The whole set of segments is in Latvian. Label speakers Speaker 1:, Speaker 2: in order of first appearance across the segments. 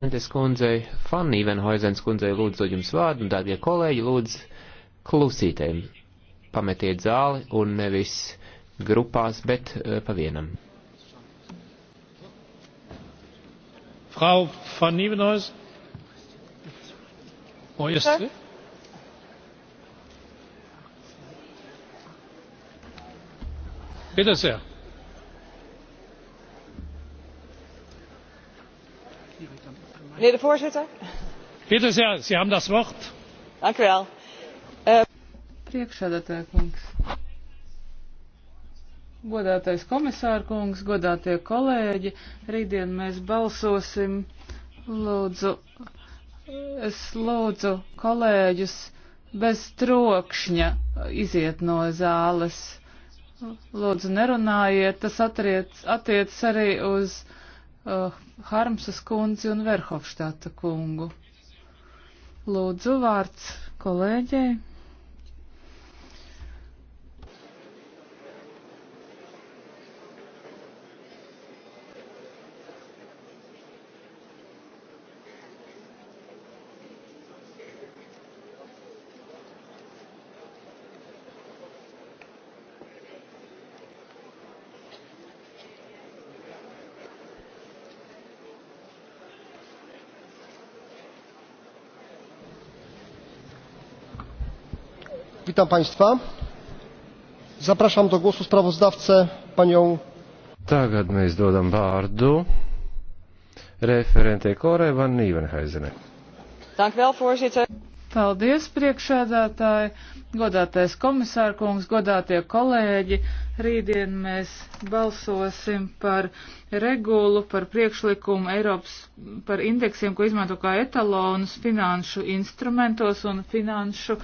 Speaker 1: Prezidentes kundzei, Fan Ivenhoizens kundzei lūdzu dod jums vārdu, un dārgie kolēģi lūdzu klusītēm. Pametiet zāli un nevis grupās, bet eh, pa vienam. Frau Van
Speaker 2: Ivenhoiz. Wo ist oh, sie? Bitte sehr.
Speaker 3: mijnheer de voorzitter bitte sehr sie haben das wort.
Speaker 2: dank u wel. Eh, priekšsēdētāja kungs godātais komisāra kungs godātie kolēģi rītdien mēs balsosim lūdzu es lūdzu kolēģus bez trokšņa iziet no zāles lūdzu nerunājiet tas attiec attiec arī uz uh, Harmsas kundzi un Verhofštata kungu. Lūdzu, vārds kolēģei.
Speaker 3: Witam Państwa. Zapraszam do głosu sprawozdawcę panią. Tagad mēs dodam vārdu referentei Korai Van Nīvenhaizenei.
Speaker 2: Paldies, priekšēdētāji, godātais komisārkungs, godātie kolēģi. Rītdien mēs balsosim par regulu, par priekšlikumu Eiropas, par indeksiem, ko izmanto kā etalonus finanšu instrumentos un finanšu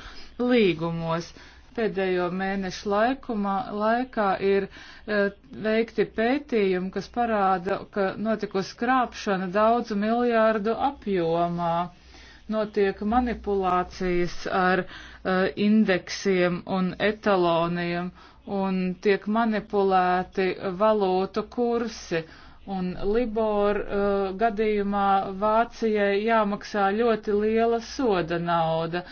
Speaker 2: līgumos. Pēdējo mēnešu laikumā, laikā ir e, veikti pētījumi, kas parāda, ka notikusi krāpšana daudzu miljārdu apjomā. Notiek manipulācijas ar uh, e, indeksiem un etaloniem, un tiek manipulēti valūtu kursi. Un Libor uh, gadījumā Vācijai jāmaksā ļoti liela soda nauda.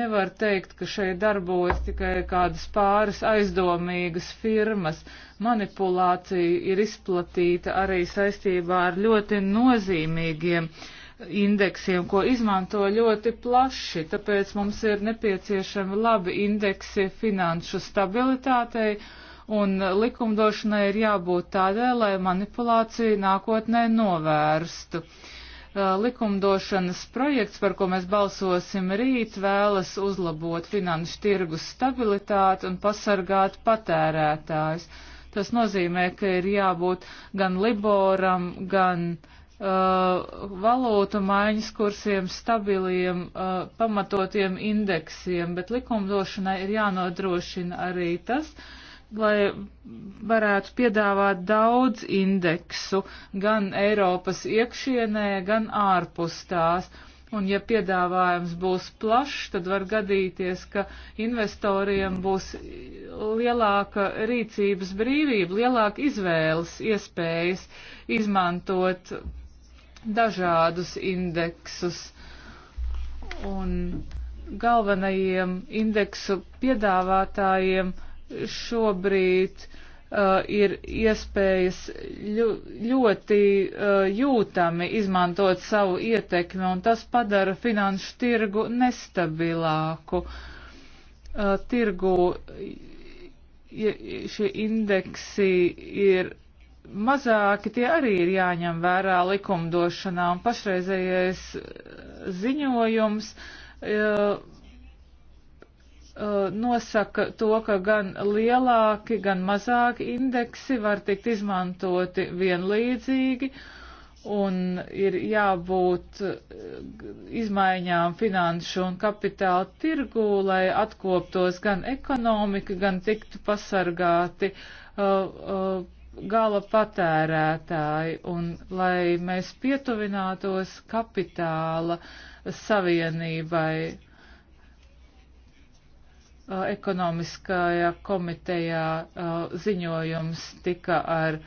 Speaker 2: Nevar teikt, ka šeit darbojas tikai kādas pāris aizdomīgas firmas. Manipulācija ir izplatīta arī saistībā ar ļoti nozīmīgiem uh, indeksiem, ko izmanto ļoti plaši, tāpēc mums ir nepieciešami labi indeksi finanšu stabilitātei un likumdošanai ir jābūt tādai, lai manipulāciju nākotnē novērstu. Uh, likumdošanas projekts, par ko mēs balsosim rīt, vēlas uzlabot finanšu tirgus stabilitāti un pasargāt patērētājs. Tas nozīmē, ka ir jābūt gan Liboram, gan uh, Uh, valūtu maiņas kursiem, stabiliem, uh, pamatotiem indeksiem, bet likumdošanai ir jānodrošina arī tas, lai varētu piedāvāt daudz indeksu gan Eiropas iekšienē, gan ārpus tās. Un ja piedāvājums būs plašs, tad var gadīties, ka investoriem būs lielāka rīcības brīvība, lielāka izvēles iespējas izmantot dažādus indeksus. Un galvenajiem indeksu piedāvātājiem šobrīd uh, ir iespējas ļu, ļoti uh, jūtami izmantot savu ietekmi, un tas padara finanšu tirgu nestabilāku. Uh, tirgu ja šie indeksi ir mazāki tie arī ir jāņem vērā likumdošanā, un pašreizējais eh, ziņojums uh, nosaka to, ka gan lielāki, gan mazāki indeksi var tikt izmantoti vienlīdzīgi, un ir jābūt izmaiņām finanšu un kapitāla tirgū, lai atkoptos gan ekonomika, gan tiktu pasargāti. Uh, uh, gala patērētāji un lai mēs pietuvinātos kapitāla savienībai ekonomiskajā komitejā ziņojums tika ar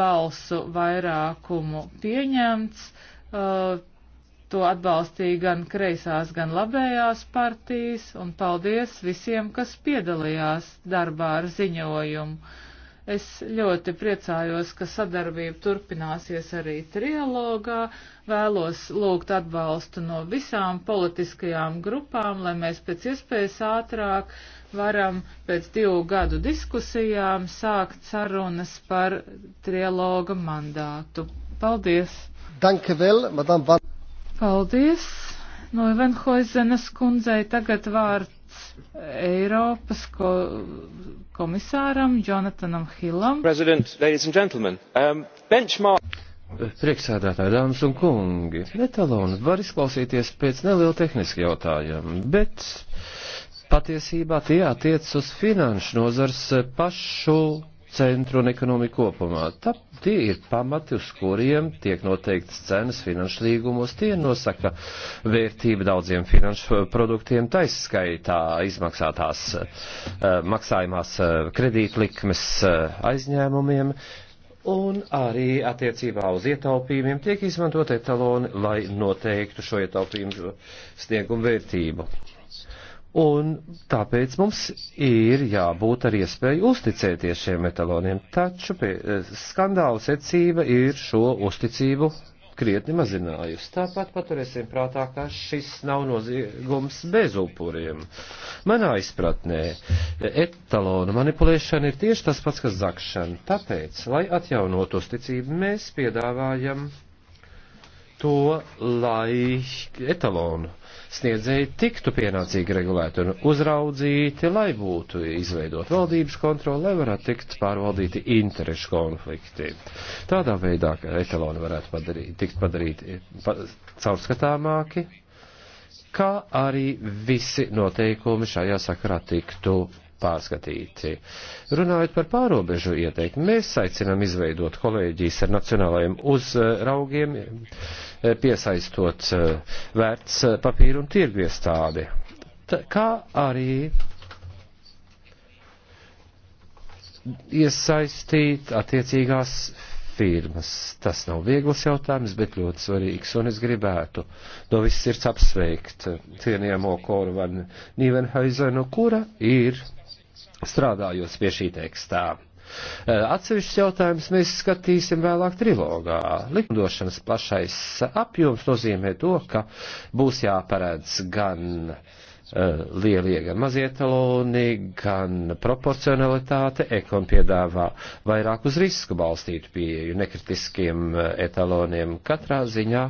Speaker 2: balsu vairākumu pieņemts. To atbalstīja gan kreisās, gan labējās partijas, un paldies visiem, kas piedalījās darbā ar ziņojumu. Es ļoti priecājos, ka sadarbība turpināsies arī trialogā. Vēlos lūgt atbalstu no visām politiskajām grupām, lai mēs pēc iespējas ātrāk varam pēc divu gadu diskusijām sākt sarunas par trialoga mandātu. Paldies!
Speaker 3: Danke vēl, madam Van.
Speaker 2: Paldies! No Venhoizenes kundzei tagad vārds Eiropas ko komisāram Jonatanam Hillam.
Speaker 3: Um, benchmark... Priekšsēdētāji, dāmas un kungi, metalons var izklausīties pēc neliela tehniska jautājuma, bet patiesībā tie attiec uz finanšu nozars pašu centru un ekonomiku kopumā. Tā tie ir pamati, uz kuriem tiek noteiktas cenas finanšu līgumos. Tie nosaka vērtību daudziem finanšu produktiem, taiskaitā izmaksātās eh, maksājumās eh, kredītlikmes eh, aizņēmumiem. Un arī attiecībā uz ietaupījumiem tiek izmantot etaloni, lai noteiktu šo ietaupījumu sniegumu vērtību. Un tāpēc mums ir jābūt ar iespēju uzticēties šiem metaloniem, taču eh, skandāla secība ir šo uzticību krietni mazinājusi. Tāpat paturēsim prātā, ka šis nav noziegums bez upuriem. Manā izpratnē etalona manipulēšana ir tieši tas pats, kas zakšana. Tāpēc, lai atjaunot uzticību, mēs piedāvājam to, lai etalonu sniedzēji tiktu pienācīgi regulēti un uzraudzīti, lai būtu izveidot valdības kontroli, lai varētu tikt pārvaldīti interešu konflikti. Tādā veidā, ka etaloni varētu padarīt, tikt padarīti pa, caurskatāmāki, kā arī visi noteikumi šajā sakarā tiktu pārskatīti. Runājot par pārobežu ieteikumu, mēs aicinām izveidot kolēģijas ar nacionālajiem uzraugiem, piesaistot eh, vērts eh, papīru un tirgu iestādi. Kā arī iesaistīt attiecīgās firmas. Tas nav viegls jautājums, bet ļoti svarīgs, un es gribētu no viss sirds apsveikt eh, cienījamo Korvanu Nīvenhaizenu, kura ir strādājot pie šī tekstā. Atsevišķus jautājumus mēs skatīsim vēlāk trilogā. Likumdošanas plašais apjoms nozīmē to, ka būs jāparedz gan lielie, gan mazie taloni, gan proporcionalitāte. Ekon piedāvā vairāk uz risku balstītu pieeju nekritiskiem etaloniem. Katrā ziņā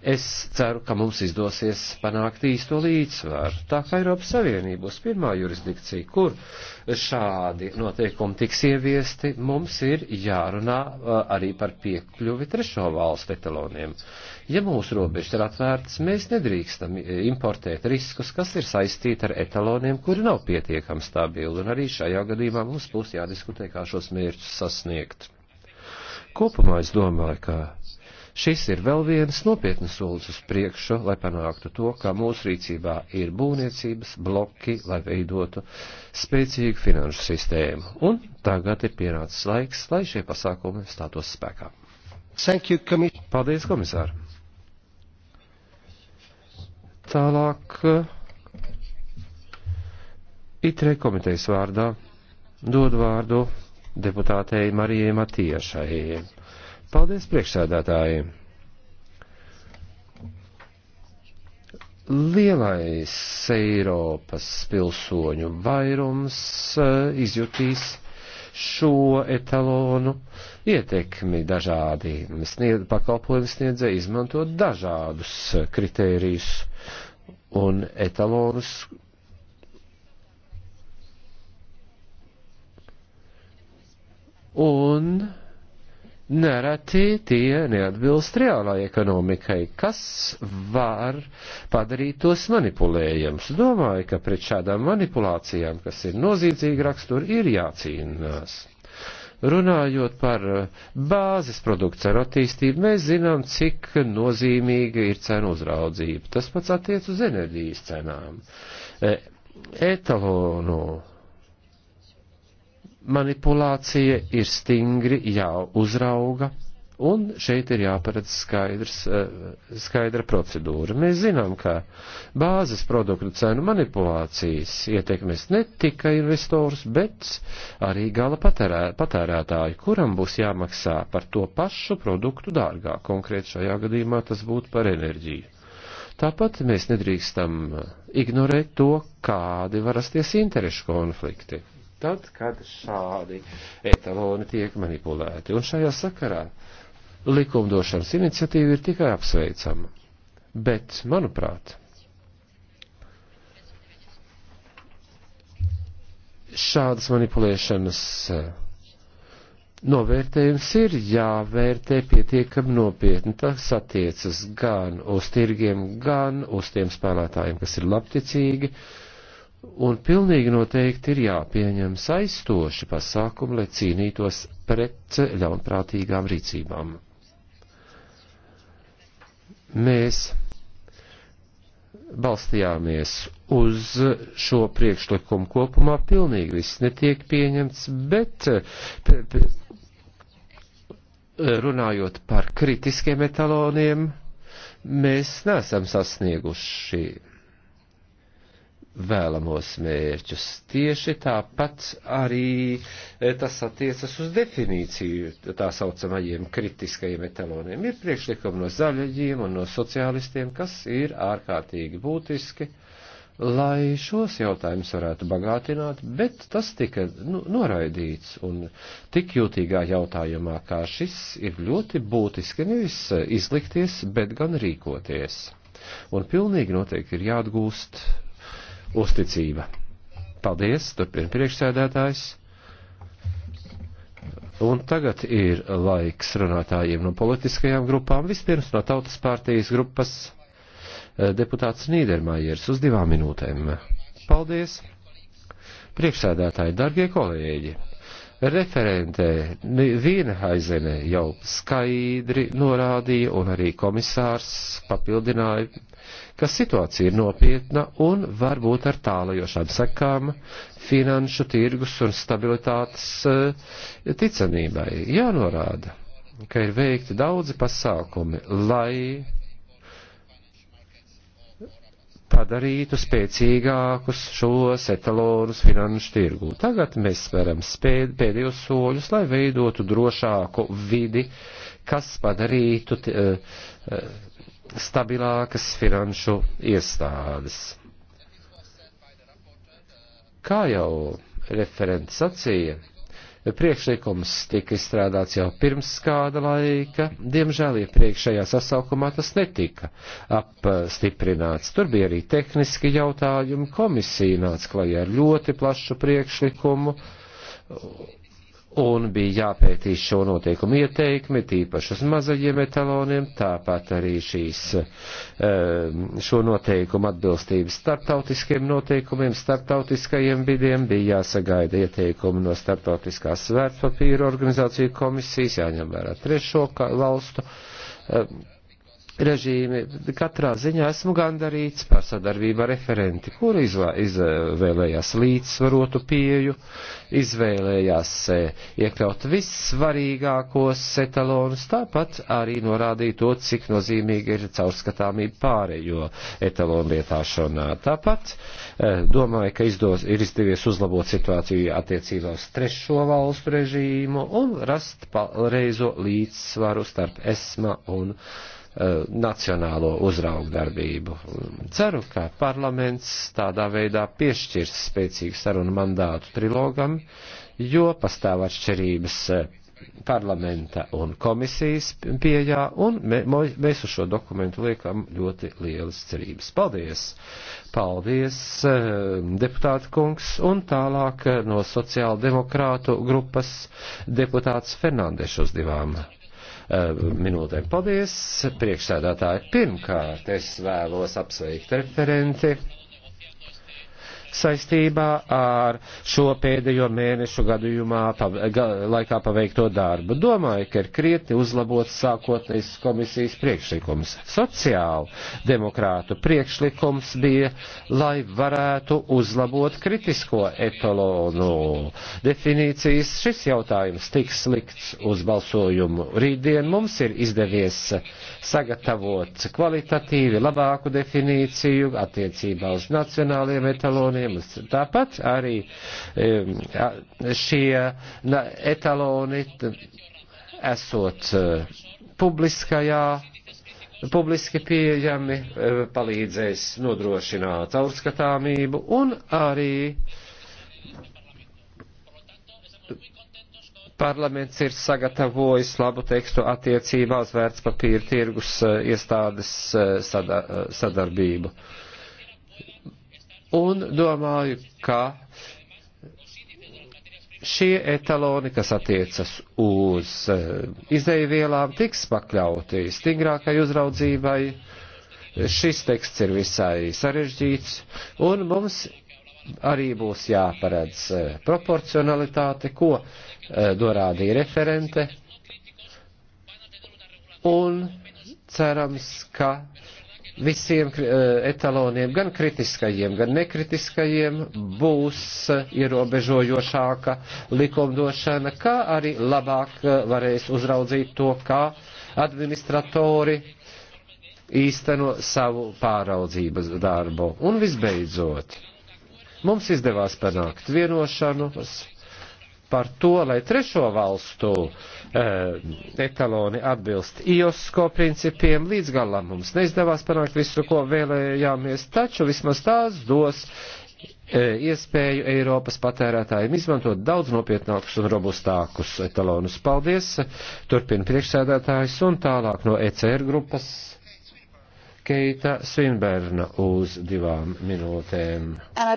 Speaker 3: Es ceru, ka mums izdosies panākt īsto līdzsvaru. Tā kā Eiropas Savienība būs pirmā jurisdikcija, kur šādi noteikumi tiks ieviesti, mums ir jārunā uh, arī par piekļuvi trešo valstu etaloniem. Ja mūsu robežas ir atvērtas, mēs nedrīkstam uh, importēt riskus, kas ir saistīti ar etaloniem, kuri nav pietiekami stabili, un arī šajā gadījumā mums būs jādiskutē, kā šos mērķus sasniegt. Kopumā es domāju, ka Šis ir vēl viens nopietnas solis uz priekšu, lai panāktu to, ka mūsu rīcībā ir būvniecības bloki, lai veidotu spēcīgu finanšu sistēmu. Un tagad ir pienācis laiks, lai šie pasākumi stātos spēkā. Thank you, komis Paldies, komisār! Tālāk ITRE komitejas vārdā dod vārdu deputātei Marijai Matiešai. Paldies priekšsēdētāji. Lielais Eiropas pilsoņu vairums eh, izjutīs šo etalonu ietekmi dažādi sniedz, pakalpojumi sniedzē izmanto dažādus kritērijus un etalonus. Un nereti tie neatbilst reālai ekonomikai, kas var padarīt tos manipulējams. Domāju, ka pret šādām manipulācijām, kas ir noziedzīga rakstura, ir jācīnās. Runājot par eh, bāzes produktu cenu attīstību, mēs zinām, cik nozīmīga ir cenu uzraudzība. Tas pats attiec uz enerģijas cenām. Eh, etalonu manipulācija ir stingri jāuzrauga, un šeit ir jāparedz skaidrs, eh, skaidra procedūra. Mēs zinām, ka bāzes produktu cenu manipulācijas ietekmēs ne tikai investors, bet arī gala patērē, patērētāju, kuram būs jāmaksā par to pašu produktu dārgāk. Konkrēt šajā gadījumā tas būtu par enerģiju. Tāpat mēs nedrīkstam ignorēt to, kādi var rasties interešu konflikti tad, kad šādi etaloni tiek manipulēti. Un šajā sakarā likumdošanas iniciatīva ir tikai apsveicama. Bet, manuprāt, šādas manipulēšanas eh, novērtējums ir jāvērtē pietiekami nopietni. Tas attiecas gan uz tirgiem, gan uz tiem spēlētājiem, kas ir labticīgi. Uh, Un pilnīgi noteikti ir jāpieņem saistoši pasākumi, lai cīnītos pret ļaunprātīgām rīcībām. Mēs balstījāmies uz šo priekšlikumu kopumā, pilnīgi viss netiek pieņemts, bet runājot par kritiskiem etaloniem, mēs nesam sasnieguši vēlamos mērķus. Tieši tāpat arī e, tas attiecas uz definīciju tā saucamajiem kritiskajiem etaloniem. Ir priekšlikumi no zaļajiem un no sociālistiem, kas ir ārkārtīgi būtiski, lai šos jautājumus varētu bagātināt, bet tas tika nu, noraidīts un tik jūtīgā jautājumā kā šis ir ļoti būtiski nevis izlikties, bet gan rīkoties. Un pilnīgi noteikti ir jāatgūst uzticība. Paldies, turpina priekšsēdētājs. Un tagad ir laiks runātājiem no politiskajām grupām. Vispirms no Tautas pārtījas grupas eh, deputāts Nīdermājers uz divām minūtēm. Paldies! Priekšsēdētāji, darbie kolēģi! referentē viena haizenē jau skaidri norādīja un arī komisārs papildināja, ka situācija ir nopietna un varbūt ar tālajošām sekām finanšu tirgus un stabilitātes eh, ticamībai. Jānorāda, ka ir veikti daudzi pasākumi, lai padarītu spēcīgākus šos etalonus finanšu tirgū. Tagad mēs sveram spēd, pēdējos soļus, lai veidotu drošāku vidi, kas padarītu t, t, eh, eh, stabilākas finanšu iestādes. Kā jau referents sacīja, Priekšlikums tika izstrādāts jau pirms kāda laika, diemžēl iepriekšējā sasaukumā tas netika apstiprināts. Tur bija arī tehniski jautājumi, komisija nāca klajā ar ļoti plašu priekšlikumu un bija jāpētīs šo noteikumu ieteikmi, tīpaši uz mazajiem etaloniem, tāpat arī šīs, ehm, šo noteikumu atbilstības starptautiskiem noteikumiem, starptautiskajiem bidiem, bija jāsagaida ieteikumi no starptautiskās svērtpapīra organizāciju komisijas, jāņem vērā trešo valstu ehm, režīmi. Katrā ziņā esmu gandarīts par sadarbību ar referenti, kuri izvēlējās līdzsvarotu pieju, izvēlējās e, iekļaut vissvarīgākos etalonus, tāpat arī norādīja to, cik nozīmīgi ir caurskatāmība pārējo etalonu lietāšanā. Tāpat e, domāju, ka izdos, ir izdevies uzlabot situāciju attiecībā uz trešo valstu režīmu un rast pareizo līdzsvaru starp ESMA un Eh, nacionālo uzraugu darbību. Ceru, ka parlaments tādā veidā piešķirs spēcīgu sarunu mandātu trilogam, jo pastāv atšķirības eh, parlamenta un komisijas pieejā, un mēs uz šo dokumentu liekam ļoti lielas cerības. Paldies! Paldies, eh, deputāta kungs, un tālāk no sociāldemokrātu grupas deputāts Fernandešus divām Eh, minūtēm. Paldies, priekšsēdētāji. Pirmkārt, es vēlos apsveikt referenti saistībā ar šo pēdējo mēnešu gadījumā pav, ga, laikā paveikto darbu. Domāju, ka ir krietni uzlabots sākotnējs komisijas priekšlikums. Sociāli demokrātu priekšlikums bija, lai varētu uzlabot kritisko etalonu definīcijas. Šis jautājums tiks likts uz balsojumu. Rītdien mums ir izdevies sagatavot kvalitatīvi labāku definīciju attiecībā uz nacionāliem etaloniem lielas. Tāpat arī šie etaloni esot e, publiskajā publiski pieejami, e, palīdzēs nodrošināt caurskatāmību un arī parlaments ir sagatavojis labu tekstu attiecībā uz vērtspapīra tirgus e, iestādes sadarbību. Un domāju, ka šie etaloni, kas attiecas uz eh, izdevielām, tiks pakļauti stingrākai uzraudzībai. Šis teksts ir visai sarežģīts, un mums arī būs jāparedz eh, proporcionalitāte, ko eh, norādīja referente, un cerams, ka visiem eh, etaloniem, gan kritiskajiem, gan nekritiskajiem, būs ierobežojošāka likumdošana, kā arī labāk eh, varēs uzraudzīt to, kā administratori īsteno savu pāraudzības darbu. Un visbeidzot, mums izdevās panākt vienošanos par to, lai trešo valstu uh, Eh, etaloni atbilst IOSCO principiem. Līdz galam mums neizdevās panākt visu, ko vēlējāmies, taču vismaz tās dos eh, iespēju Eiropas patērētājiem izmantot daudz nopietnākus un robustākus etalonus. Paldies! Turpina priekšsēdētājs un tālāk no ECR grupas Keita Svinberna uz divām minūtēm.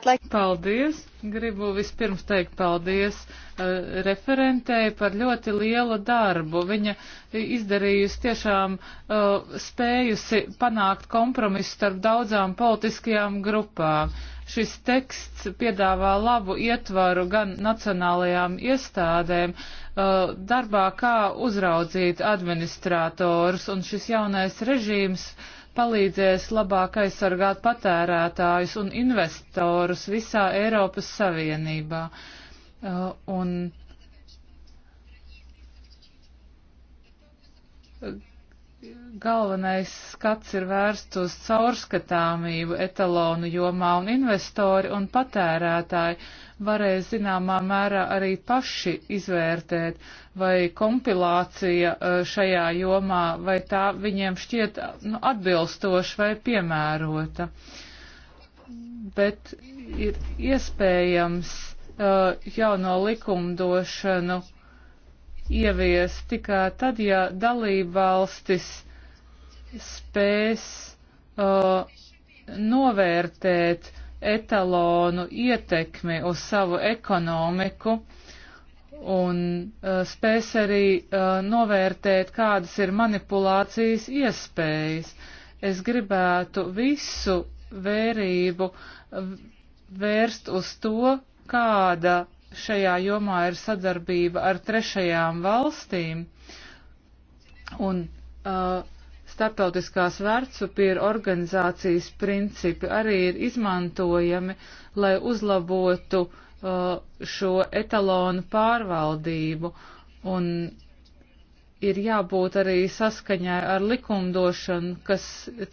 Speaker 2: Like... Paldies! Gribu vispirms teikt paldies uh, referentei par ļoti lielu darbu. Viņa izdarījusi tiešām uh, spējusi panākt kompromisu starp daudzām politiskajām grupām. Šis teksts piedāvā labu ietvaru gan nacionālajām iestādēm, uh, darbā kā uzraudzīt administratorus, un šis jaunais režīms uh, palīdzēs labāk aizsargāt patērētājus un investorus visā Eiropas Savienībā. Uh, un galvenais skats ir vērsts uz caurskatāmību etalonu jomā, un investori un patērētāji varēs zināmā mērā arī paši izvērtēt, vai kompilācija e, šajā jomā, vai tā viņiem šķiet nu, atbilstoša vai piemērota. Bet ir iespējams uh, jauno likumdošanu ievies tikai tad, ja dalībvalstis spēs uh, novērtēt etalonu ietekmi uz savu ekonomiku un uh, spēs arī uh, novērtēt, kādas ir manipulācijas iespējas. Es gribētu visu vērību vērst uz to, kāda šajā jomā ir sadarbība ar trešajām valstīm. Un uh, starptautiskās vērtspapīra organizācijas principi arī ir izmantojami, lai uzlabotu uh, šo etalonu pārvaldību. Un ir jābūt arī saskaņai ar likumdošanu, kas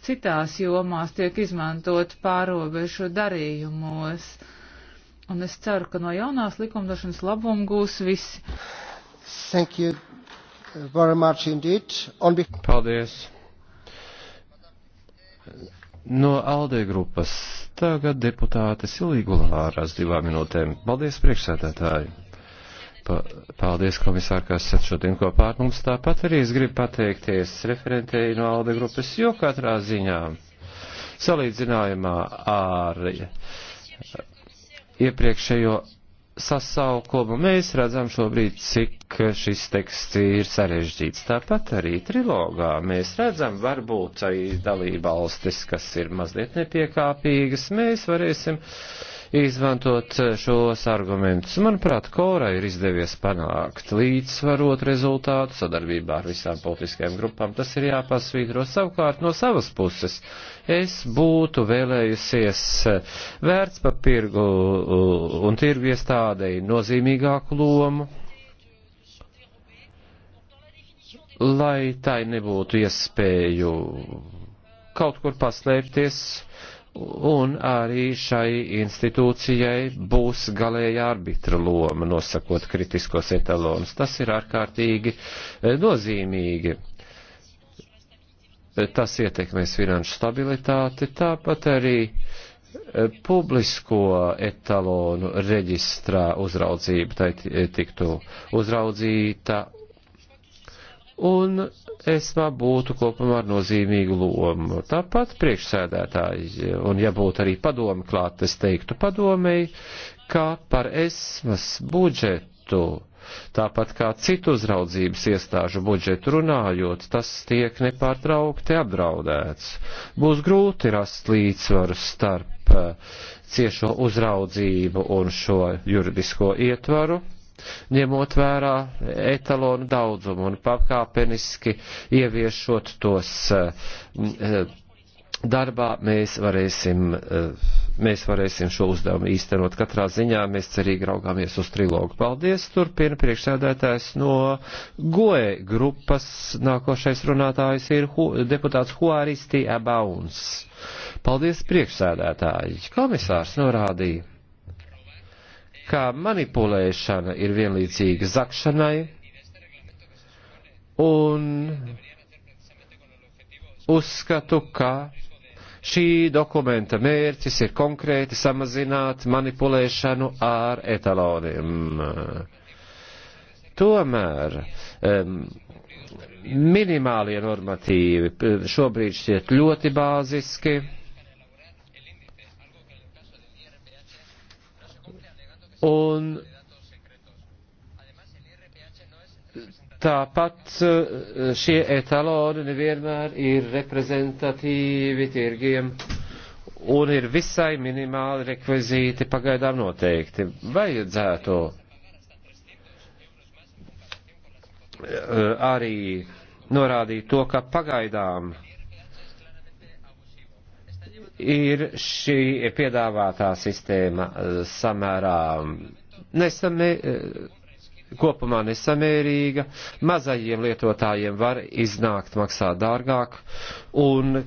Speaker 2: citās jomās tiek izmantot pārobežu darījumos. Uh, Un es ceru, ka no jaunās likumdošanas labumu gūs visi. Thank you
Speaker 3: very much indeed. On... Paldies. No Aldē grupas tagad deputāte Silīgulārā ar divām minūtēm. Paldies, priekšsēdētāji! Paldies, komisār, kas esat šodien kopā ar mums. Tāpat arī es gribu pateikties referentēji no Alde grupas, jo katrā ziņā salīdzinājumā ar iepriekšējo sasaukumu, mēs redzam šobrīd, cik šis teksts ir sarežģīts. Tāpat arī trilogā mēs redzam, varbūt arī dalība valstis, kas ir mazliet nepiekāpīgas, mēs varēsim uh, izmantot eh, šos argumentus. Manuprāt, Kora ir izdevies panākt līdzsvarot rezultātu sadarbībā ar visām politiskajām grupām. Tas ir jāpasvītro savukārt no savas puses. Es būtu vēlējusies eh, vērts pa pirgu eh, un tirgu iestādei nozīmīgāku lomu. Lai tai nebūtu iespēju kaut kur paslēpties, un arī šai institūcijai būs galēja arbitra loma, nosakot kritiskos etalonus. Tas ir ārkārtīgi eh, nozīmīgi. Eh, tas ietekmēs finanšu stabilitāti, tāpat arī eh, publisko etalonu reģistrā uzraudzība tai tiktu uzraudzīta un ESMA būtu kopumā ar nozīmīgu lomu. Tāpat priekšsēdētāji, un ja būtu arī padomi klāt, es teiktu padomēji, ka par ESMAS budžetu, tāpat kā citu uzraudzības iestāžu budžetu runājot, tas tiek nepārtraukti apdraudēts. Būs grūti rast līdzsvaru starp ciešo uzraudzību un šo juridisko ietvaru ņemot vērā etalonu daudzumu un pakāpeniski ieviešot tos eh, darbā, mēs varēsim, eh, mēs varēsim šo uzdevumu īstenot. Katrā ziņā mēs cerīgi raugāmies uz trilogu. Paldies, turpina priekšsēdētājs no GOE grupas. Nākošais runātājs ir hu, deputāts Huaristi Abauns. Paldies, priekšsēdētāji. Komisārs norādīja ka manipulēšana ir vienlīdzīga zakšanai un uzskatu, ka Šī dokumenta mērķis ir konkrēti samazināt manipulēšanu ar etaloniem. Tomēr um, minimālie normatīvi šobrīd šķiet ļoti bāziski. Un Tāpat eh, šie etaloni nevienmēr ir reprezentatīvi tirgiem un ir visai minimāli rekvizīti pagaidām noteikti. Vajadzētu eh, arī norādīt to, ka pagaidām ir šī piedāvātā sistēma eh, samērā nesamē, eh, kopumā nesamērīga, mazajiem lietotājiem var iznākt maksā dārgāk, un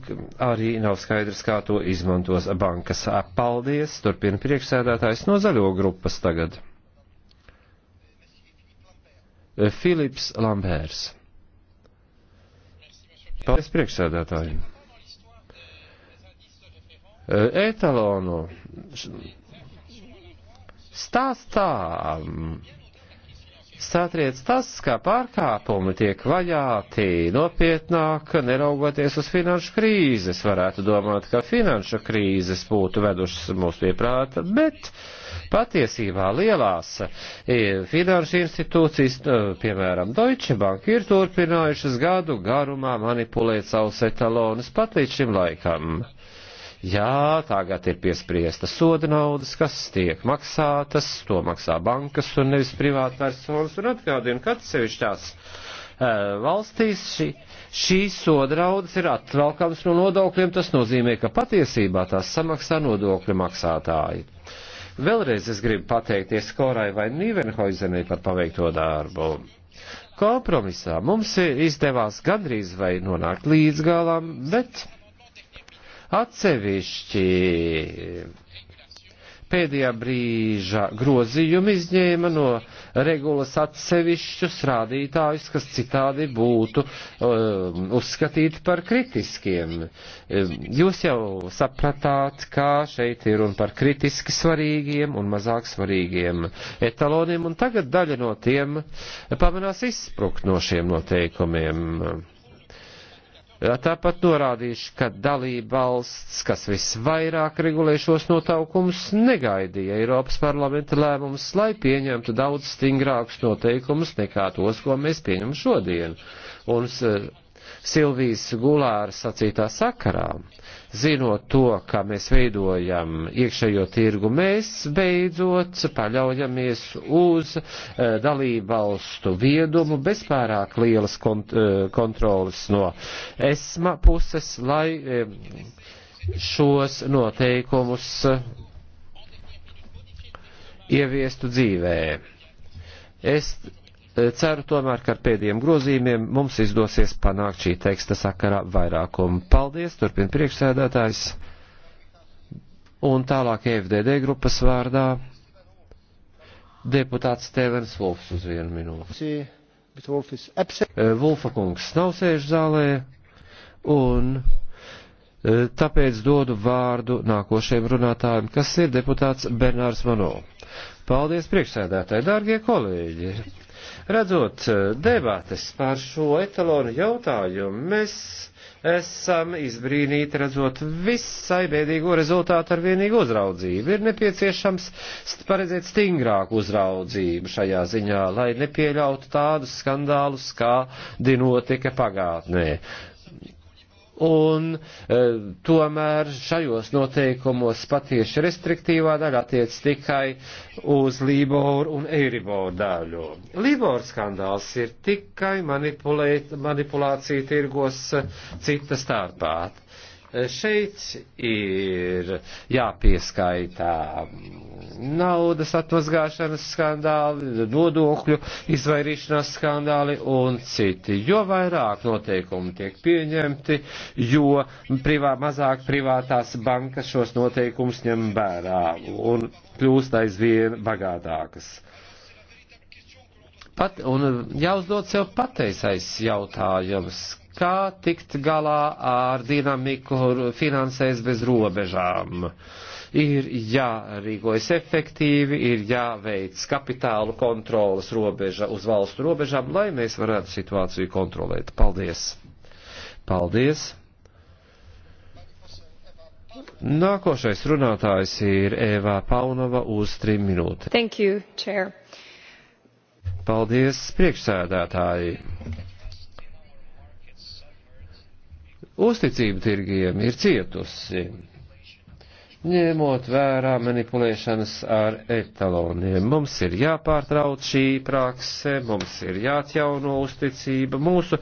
Speaker 3: arī nav skaidrs, kā to izmantos bankas. Paldies, turpina priekšsēdētājs no zaļo grupas tagad. Filips Lambērs. Paldies priekšsēdētājiem. E, etalonu stāstā satriec tas, ka pārkāpumi tiek vaļāti nopietnāk, neraugoties uz finanšu krīzes. Varētu domāt, ka finanšu krīzes būtu vedušas mūs pie prāta, bet patiesībā lielās e, finanšu institūcijas, e, piemēram, Deutsche Bank, ir turpinājušas gadu garumā manipulēt savus etalonus pat līdz šim laikam. Jā, tagad ir piespriesta soda naudas, kas tiek maksātas, to maksā bankas un nevis privātpersonas, un atgādina, ka atsevišķās uh, valstīs šī, šīs soda naudas ir atvelkams no nodokļiem, tas nozīmē, ka patiesībā tās samaksā nodokļu maksātāji. Vēlreiz es gribu pateikties Korai vai Nīvenhoizenei par paveikto darbu kompromisā. Mums izdevās gandrīz vai nonākt līdz galam, bet Atsevišķi pēdējā brīža grozījumi izņēma no regulas atsevišķus rādītājus, kas citādi būtu uh, uzskatīti par kritiskiem. Um, jūs jau sapratāt, kā šeit ir un par kritiski svarīgiem un mazāk svarīgiem etaloniem, un tagad daļa no tiem pamanās izsprukt no šiem noteikumiem Tāpat norādīšu, ka dalība valsts, kas visvairāk regulē šos notaukumus, negaidīja Eiropas parlamenta lēmumus, lai pieņemtu daudz stingrākus noteikumus nekā tos, ko mēs pieņemam šodien. Un Silvijas Gulāra sacītā sakarā, zinot to, ka mēs veidojam iekšējo tirgu, mēs beidzot paļaujamies uz eh, dalību valstu viedumu bez pārāk lielas kont eh, kontrolas no esma puses, lai eh, šos noteikumus ieviestu dzīvē. Es Ceru tomēr, ka ar pēdējiem grozījumiem mums izdosies panākt šī teksta sakarā vairākumu. Paldies, turpina priekšsēdētājs. Un tālāk e FDD grupas vārdā deputāts Stevens Vulfs uz vienu minūti. Vulfa eh, kungs nav sēž zālē un eh, tāpēc dodu vārdu nākošajam runātājam, kas ir deputāts Bernārs Mano. Paldies priekšsēdētāji, dārgie kolēģi! Redzot eh, debates par šo etalonu jautājumu, mēs esam izbrīnīti redzot visai bēdīgo rezultātu ar vienīgu uzraudzību. Ir nepieciešams paredzēt stingrāku uzraudzību šajā ziņā, lai nepieļautu tādus skandālus, kādi notika pagātnē un e, tomēr šajos noteikumos patieši restriktīvā daļa attiec tikai uz Liboru un Eiriboru daļu. Liboru skandāls ir tikai manipulācija tirgos cita starpā. Šeit ir jāpieskaitā naudas atmazgāšanas skandāli, nodokļu izvairīšanās skandāli un citi. Jo vairāk noteikumu tiek pieņemti, jo privā, mazāk privātās bankas šos noteikumus ņem vērā un kļūst aizvien bagātākas. Pat, un jāuzdod sev pateisais jautājums, kā tikt galā ar dinamiku finansēs bez robežām. Ir jārīkojas efektīvi, ir jāveic kapitālu kontrolas robeža uz valstu robežām, lai mēs varētu situāciju kontrolēt. Paldies! Paldies! Nākošais runātājs ir Eva Paunova uz trim minūtēm. Thank you, Chair. Paldies, priekšsēdētāji! uzticība tirgiem ir cietusi, ņemot vērā manipulēšanas ar etaloniem. Mums ir jāpārtrauc šī prakse, mums ir jāatjauno uzticība, mūsu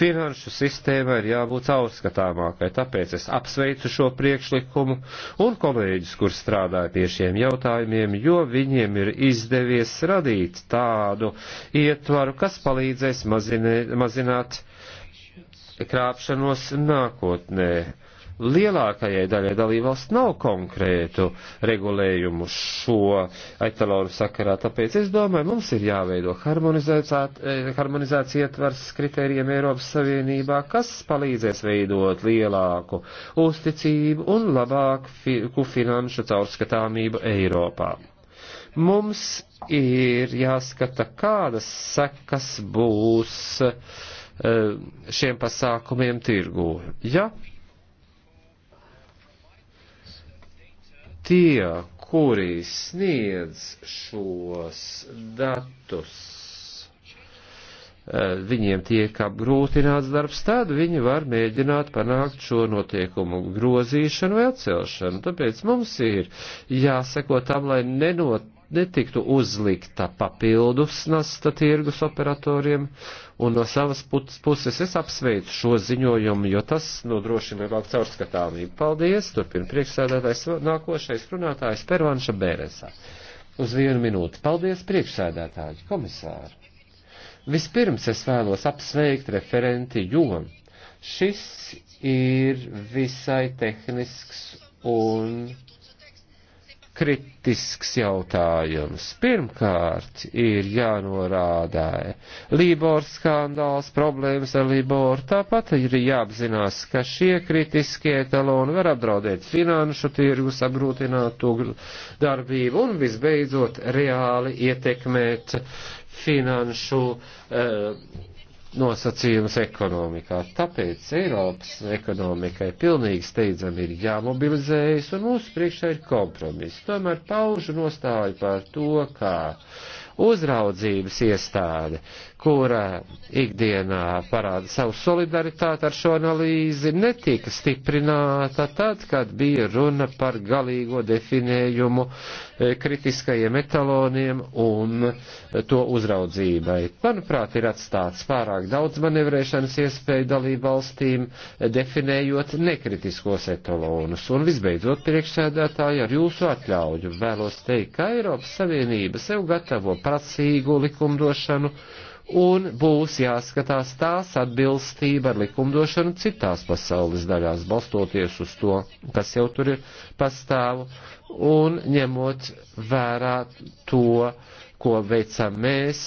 Speaker 3: finanšu sistēma ir jābūt caurskatāmākai, tāpēc es apsveicu šo priekšlikumu un kolēģis, kur strādāja pie šiem jautājumiem, jo viņiem ir izdevies radīt tādu ietvaru, kas palīdzēs mazinē, mazināt krāpšanos nākotnē. Lielākajai daļai dalībvalsts nav konkrētu regulējumu šo aitalonu sakarā, tāpēc es domāju, mums ir jāveido harmonizēts eh, ietvars kritērijiem Eiropas Savienībā, kas palīdzēs veidot lielāku uzticību un labāku fi finanšu caurskatāmību Eiropā. Mums ir jāskata, kādas sekas būs uh, E, šiem pasākumiem tirgū. Ja tie, kuri sniedz šos datus, e, viņiem tiek apgrūtināts darbs, tad viņi var mēģināt panākt šo notiekumu grozīšanu vai atcelšanu. Tāpēc mums ir jāseko tam, lai nenot, netiktu uzlikta papildus nasta tirgus operatoriem, uh, Un no savas puses es apsveicu šo ziņojumu, jo tas nodrošina lielāku caurskatāmību. Paldies! Turpin priekšsēdētājs nākošais runātājs Pervanša Bērensā. Uz vienu minūti. Paldies, priekšsēdētāji, komisāri! Vispirms es vēlos apsveikt referenti, jo šis ir visai tehnisks un kritisks jautājums. Pirmkārt, ir jānorādā Libor skandāls, problēmas ar Libor, tāpat ir jāapzinās, ka šie kritiskie etaloni var apdraudēt finanšu tirgus, apgrūtināt to darbību un visbeidzot reāli ietekmēt finanšu. Uh, nosacījumus ekonomikā. Tāpēc Eiropas ekonomikai pilnīgi steidzami ir jāmobilizējas, un mūsu priekšā ir kompromiss. Tomēr paužu nostāju par to, kā uzraudzības iestāde, kura ikdienā parāda savu solidaritāti ar šo analīzi, netika stiprināta tad, kad bija runa par galīgo definējumu E, kritiskajiem etaloniem un to uzraudzībai. Manuprāt, ir atstāts pārāk daudz manevrēšanas iespēju dalību valstīm, e, definējot nekritiskos etalonus. Un visbeidzot, priekšsēdētāji, ar jūsu atļauju vēlos teikt, ka Eiropas Savienība sev gatavo prasīgu likumdošanu, un būs jāskatās tās atbilstība ar likumdošanu citās pasaules daļās, balstoties uz to, kas jau tur ir pastāvu, un ņemot vērā to, ko veicam mēs,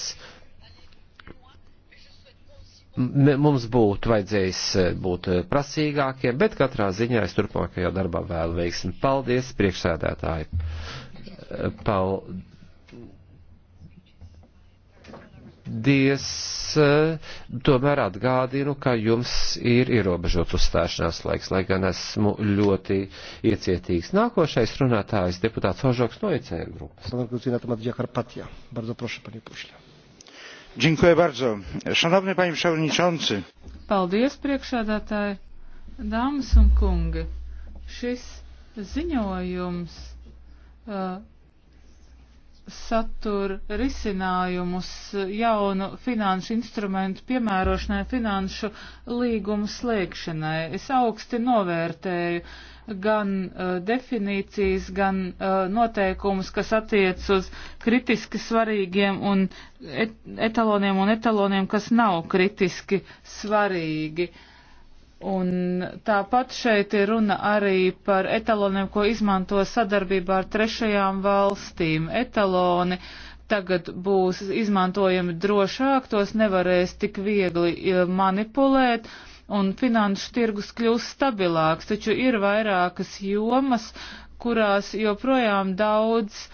Speaker 3: mums būtu vajadzējis būt e, e, prasīgākiem, bet katrā ziņā es turpmākajā darbā vēlu veiksmi. Paldies, priekšsēdētāji! E, Paldies! Paldies! Eh, tomēr atgādinu, ka jums ir ierobežots uzstāšanās laiks, lai gan esmu ļoti iecietīgs. Nākošais runātājs deputāts Ožoks no ECR grupas. Dziękuję bardzo. Szanowny panie przewodniczący.
Speaker 2: Paldies, priekšādātāji, dāmas un kungi. Šis ziņojums uh, satur risinājumus jaunu finanšu instrumentu piemērošanai, finanšu līgumu slēgšanai. Es augsti novērtēju gan uh, definīcijas, gan uh, noteikumus, kas attiec uz kritiski svarīgiem un et etaloniem un etaloniem, kas nav kritiski svarīgi. Uh, Un tāpat šeit ir runa arī par etaloniem, ko izmanto sadarbībā ar trešajām valstīm. Etaloni tagad būs izmantojami drošāk, tos nevarēs tik viegli e, manipulēt, un finanšu tirgus kļūs stabilāks, taču ir vairākas jomas, kurās joprojām daudz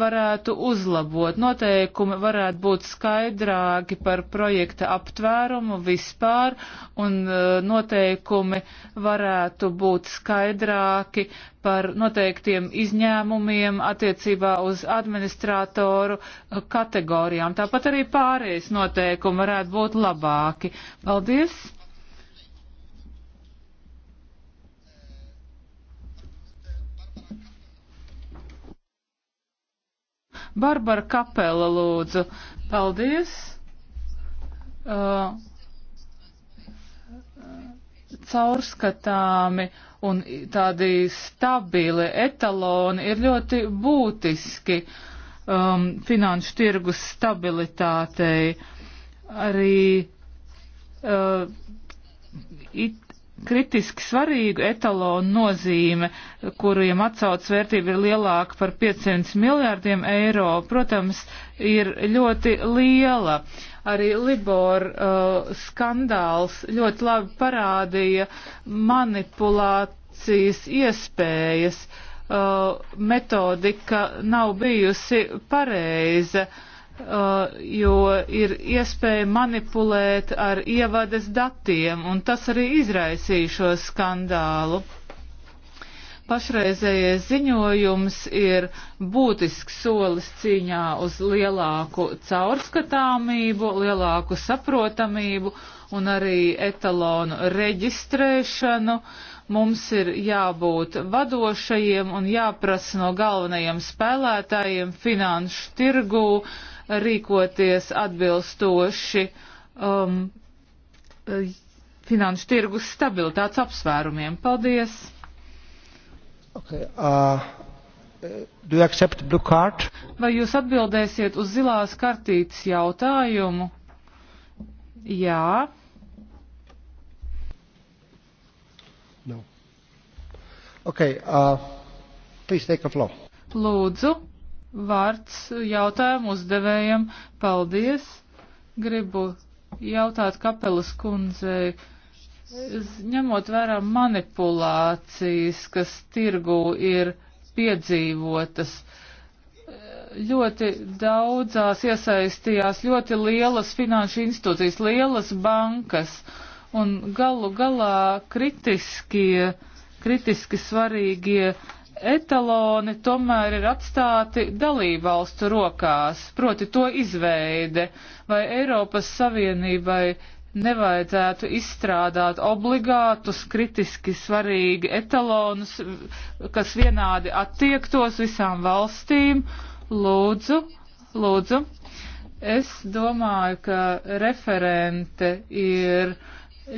Speaker 2: varētu uzlabot. Noteikumi varētu būt skaidrāki par projekta aptvērumu vispār, un e, noteikumi varētu būt skaidrāki par noteiktiem izņēmumiem attiecībā uz administratoru e, kategorijām. Tāpat arī pārējais noteikumi varētu būt labāki. Paldies! Barbara Kapela lūdzu. Paldies. Uh, caurskatāmi un tādi stabili etaloni ir ļoti būtiski um, finanšu tirgus stabilitātei. Arī uh, it, kritiski svarīgu etalonu nozīme, kuriem atsaucas vērtība ir lielāka par 500 miljārdiem eiro, protams, ir ļoti liela. Arī Libor uh, skandāls ļoti labi parādīja manipulācijas iespējas. Uh, metodika nav bijusi pareiza. Uh, Uh, jo ir iespēja manipulēt ar ievadas datiem, un tas arī izraisīja šo skandālu. Pašreizējais ziņojums ir būtisks solis cīņā uz lielāku caurskatāmību, lielāku saprotamību un arī etalonu reģistrēšanu. Mums ir jābūt vadošajiem un jāprasa no galvenajiem spēlētājiem finanšu tirgū, uh, rīkoties atbilstoši um, finanšu tirgus stabilitātes apsvērumiem. Paldies!
Speaker 3: Okay, uh,
Speaker 2: Vai jūs atbildēsiet uz zilās kartītes jautājumu? Jā.
Speaker 3: No. Okay, uh, please take a floor.
Speaker 2: Lūdzu vārds jautājumu uzdevējiem. Paldies! Gribu jautāt kapelas kundzei, ņemot vērā manipulācijas, kas tirgū ir piedzīvotas, ļoti daudzās iesaistījās ļoti lielas finanšu institūcijas, lielas bankas un galu galā kritiskie, kritiski svarīgie etaloni tomēr ir atstāti dalībvalstu rokās, proti to izveide, vai Eiropas Savienībai nevajadzētu izstrādāt obligātus kritiski svarīgi etalonus, kas vienādi attiektos visām valstīm. Lūdzu, lūdzu. Es domāju, ka referente ir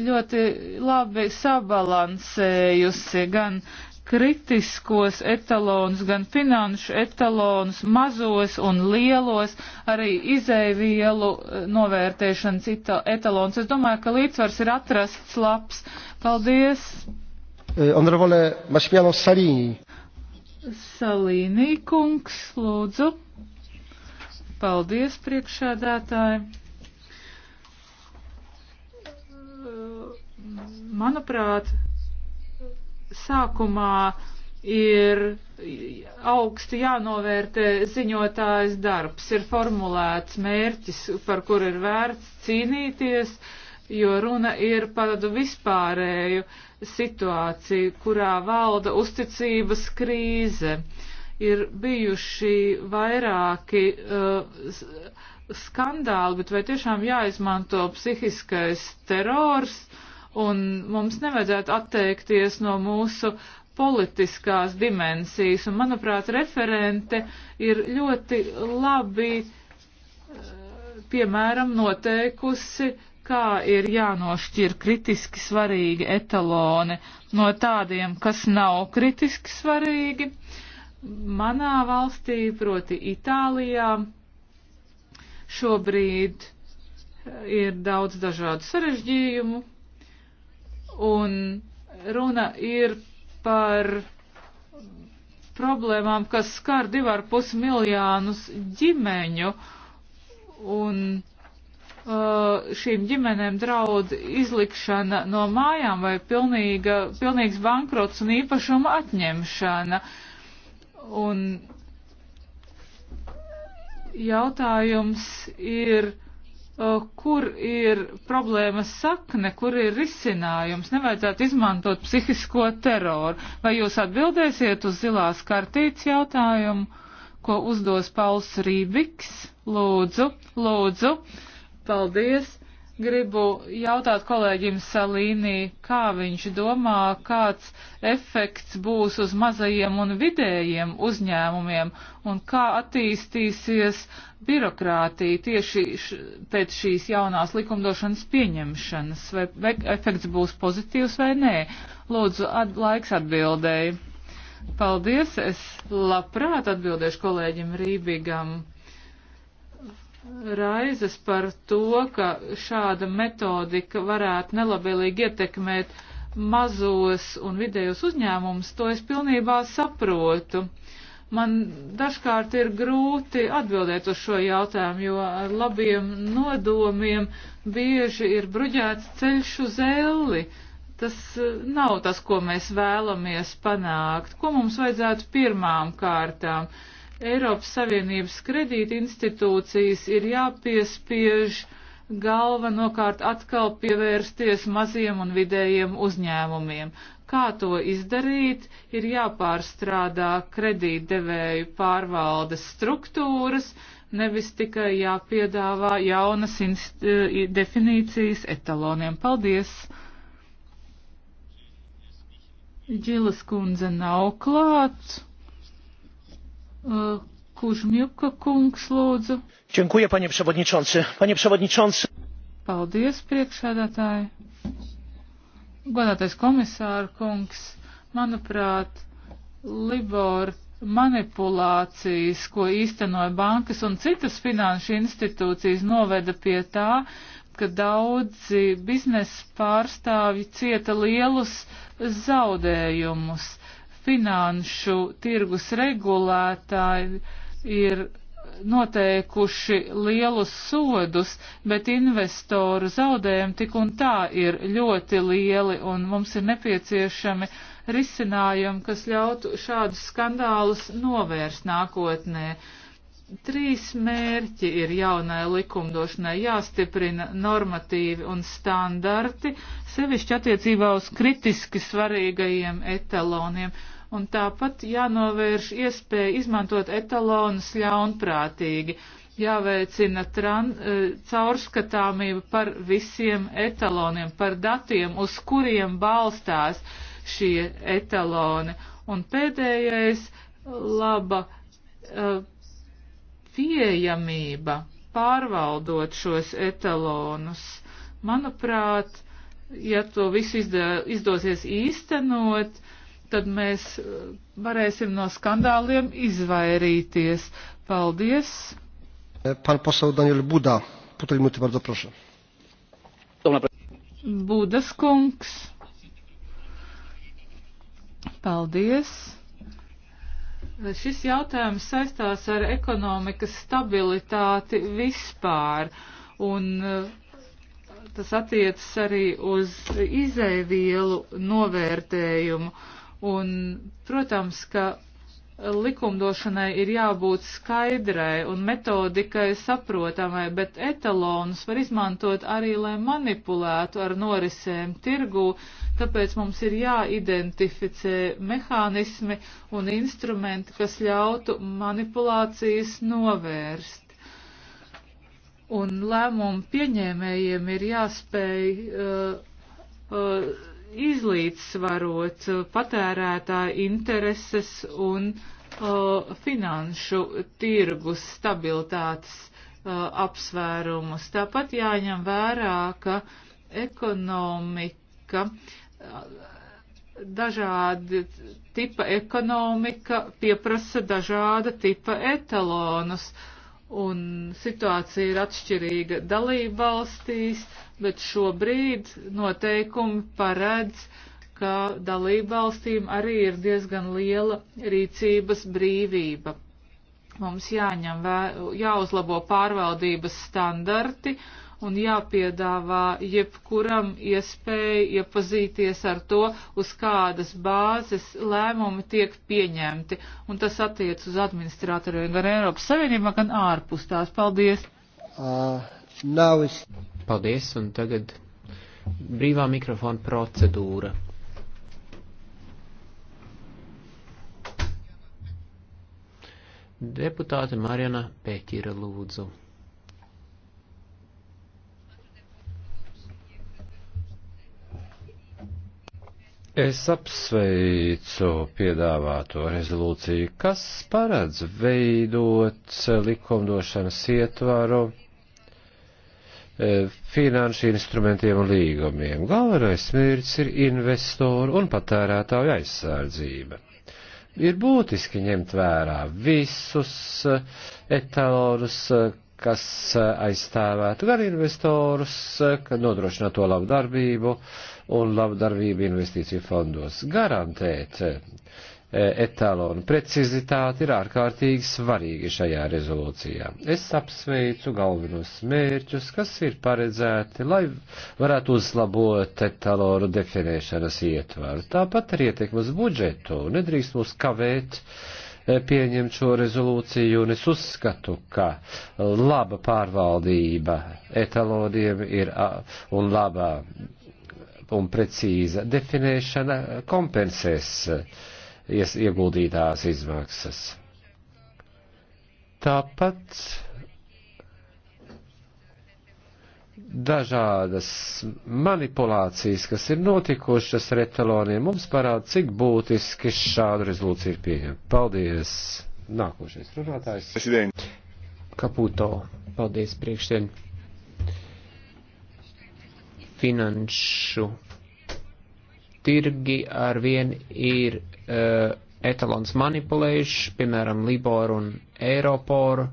Speaker 2: ļoti labi sabalansējusi gan kritiskos etalonus, gan finanšu etalonus, mazos un lielos, arī izēvielu eh, novērtēšanas etalons. Es domāju, ka līdzsvars ir atrasts labs. Paldies!
Speaker 3: E, Honorable Mašpiano Salīni.
Speaker 2: Salīni kungs, lūdzu. Paldies, priekšēdētāji. E, manuprāt, sākumā ir augsti jānovērtē ziņotājas darbs, ir formulēts mērķis, par kur ir vērts cīnīties, jo runa ir par tādu vispārēju situāciju, kurā valda uzticības krīze. Ir bijuši vairāki uh, skandāli, bet vai tiešām jāizmanto psihiskais terors? Uh, un mums nevajadzētu atteikties no mūsu politiskās dimensijas, un manuprāt, referente ir ļoti labi, eh, piemēram, noteikusi, kā ir jānošķir kritiski svarīgi etaloni no tādiem, kas nav kritiski svarīgi. Manā valstī, proti Itālijā, šobrīd eh, ir daudz dažādu sarežģījumu, Un runa ir par problēmām, kas skar 2,5 miljonus ģimeņu. Un uh, šīm ģimenēm draud izlikšana no mājām vai pilnīga, pilnīgs bankrots un īpašuma atņemšana. Un jautājums ir kur ir problēmas sakne, kur ir risinājums. Nevajadzētu izmantot psihisko teroru. Vai jūs atbildēsiet uz zilās kartītes jautājumu, ko uzdos Pauls Rībiks? Lūdzu, lūdzu. Paldies. Gribu jautāt kolēģim Salīnī, kā viņš domā, kāds efekts būs uz mazajiem un vidējiem uzņēmumiem un kā attīstīsies birokrātija tieši š, pēc šīs jaunās likumdošanas pieņemšanas, vai, vai efekts būs pozitīvs vai nē. Lūdzu, at, laiks atbildēji. Paldies, es labprāt atbildēšu kolēģim Rībīgam raizes par to, ka šāda metodika varētu nelabvēlīgi ietekmēt mazos un vidējos uzņēmumus, to es pilnībā saprotu. Man dažkārt ir grūti atbildēt uz šo jautājumu, jo ar labiem nodomiem bieži ir bruģēts ceļš uz elli. Tas eh, nav tas, ko mēs vēlamies panākt. Ko mums vajadzētu pirmām kārtām? Uh, Eiropas Savienības kredīti institūcijas ir jāpiespiež galvenokārt atkal pievērsties maziem un vidējiem uzņēmumiem. Kā to izdarīt, ir jāpārstrādā kredītdevēju pārvaldes struktūras, nevis tikai jāpiedāvā jaunas eh, definīcijas etaloniem. Paldies! Džilas kundze nav klāts. Kužmjuka kungs lūdzu.
Speaker 3: Čenkuja, paņem šavodničonsi. Paņem šavodničonsi.
Speaker 2: Paldies, priekšsēdētāji. Godātais komisāra kungs, manuprāt, Libor manipulācijas, ko īstenoja bankas un citas finanšu institūcijas, noveda pie tā, ka daudzi biznesa pārstāvji cieta lielus zaudējumus finanšu tirgus regulētāji ir noteikuši lielus sodus, bet investoru zaudējumi tik un tā ir ļoti lieli un mums ir nepieciešami risinājumi, kas ļautu šādus skandālus novērst nākotnē. Trīs mērķi ir jaunai likumdošanai jāstiprina normatīvi un standarti, sevišķi attiecībā uz kritiski svarīgajiem etaloniem un tāpat jānovērš iespēja izmantot etalonus ļaunprātīgi, jāveicina tran, e, caurskatāmība par visiem etaloniem, par datiem, uz kuriem balstās šie etaloni. Un pēdējais - laba e, pieejamība pārvaldot šos etalonus. Manuprāt, ja to visu izdā, izdosies īstenot, uh, tad mēs eh, varēsim no skandāliem izvairīties. Paldies!
Speaker 3: Pan poseł Daniel Buda, półtorej minuty, bardzo proszę.
Speaker 2: Budas kungs. Paldies. Šis jautājums saistās ar ekonomikas stabilitāti vispār, un eh, tas attiecas arī uz izēvielu novērtējumu. Uh, Un, protams, ka likumdošanai ir jābūt skaidrai un metodikai saprotamai, bet etalonus var izmantot arī, lai manipulētu ar norisēm tirgū, tāpēc mums ir jāidentificē mehānismi un instrumenti, kas ļautu manipulācijas novērst. Un lēmumu pieņēmējiem ir jāspēj uh, uh, izlīdzsvarot uh, patērētāju intereses un uh, finanšu tirgus stabilitātes uh, apsvērumus. Tāpat jāņem vērā, ka ekonomika, uh, dažādi tipa ekonomika pieprasa dažāda tipa etalonus. Uh, un situācija ir atšķirīga dalība valstīs, bet šobrīd noteikumi paredz, ka dalība valstīm arī ir diezgan liela rīcības brīvība. Mums jāņem vē, jāuzlabo pārvaldības standarti, uh, un jāpiedāvā jebkuram iespēja iepazīties ar to, uz kādas bāzes lēmumi tiek pieņemti. Un tas attiec uz administratoriem gan Eiropas Savienībā, gan ārpus tās. Paldies!
Speaker 1: Uh, is... Paldies, un tagad brīvā mikrofona procedūra. Deputāte Mariana Pēķira lūdzu.
Speaker 3: Es apsveicu piedāvāto rezolūciju, kas paredz veidot likumdošanas ietvaru e, finanšu instrumentiem un līgumiem. Galvenais mērķis ir investoru un patērētāju aizsardzība. Ir būtiski ņemt vērā visus e, etalonus, e, kas aizstāvētu gan investorus, kad nodrošinātu to labu darbību, uh, un labdarbību investīciju fondos. Garantēt eh, etalonu precizitāti ir ārkārtīgi svarīgi šajā rezolūcijā. Es apsveicu galvenos mērķus, kas ir paredzēti, lai varētu uzlabot etalonu definēšanas ietvaru. Tāpat arī ietekmas budžetu nedrīkst mūs kavēt eh, pieņemt šo rezolūciju, un es uzskatu, ka laba pārvaldība etalodiem ir un labā un precīza definēšana kompensēs eh, ieguldītās izmaksas. Tāpat dažādas manipulācijas, kas ir notikušas ar etaloniem, mums parāda, cik būtiski šāda rezolūcija ir pieņemta. Paldies! Nākošais runātājs. Kaputo.
Speaker 1: Paldies, priekšsēdētāji finanšu tirgi ar vien ir uh, etalons manipulējuši, piemēram, Libor un Eiroporu.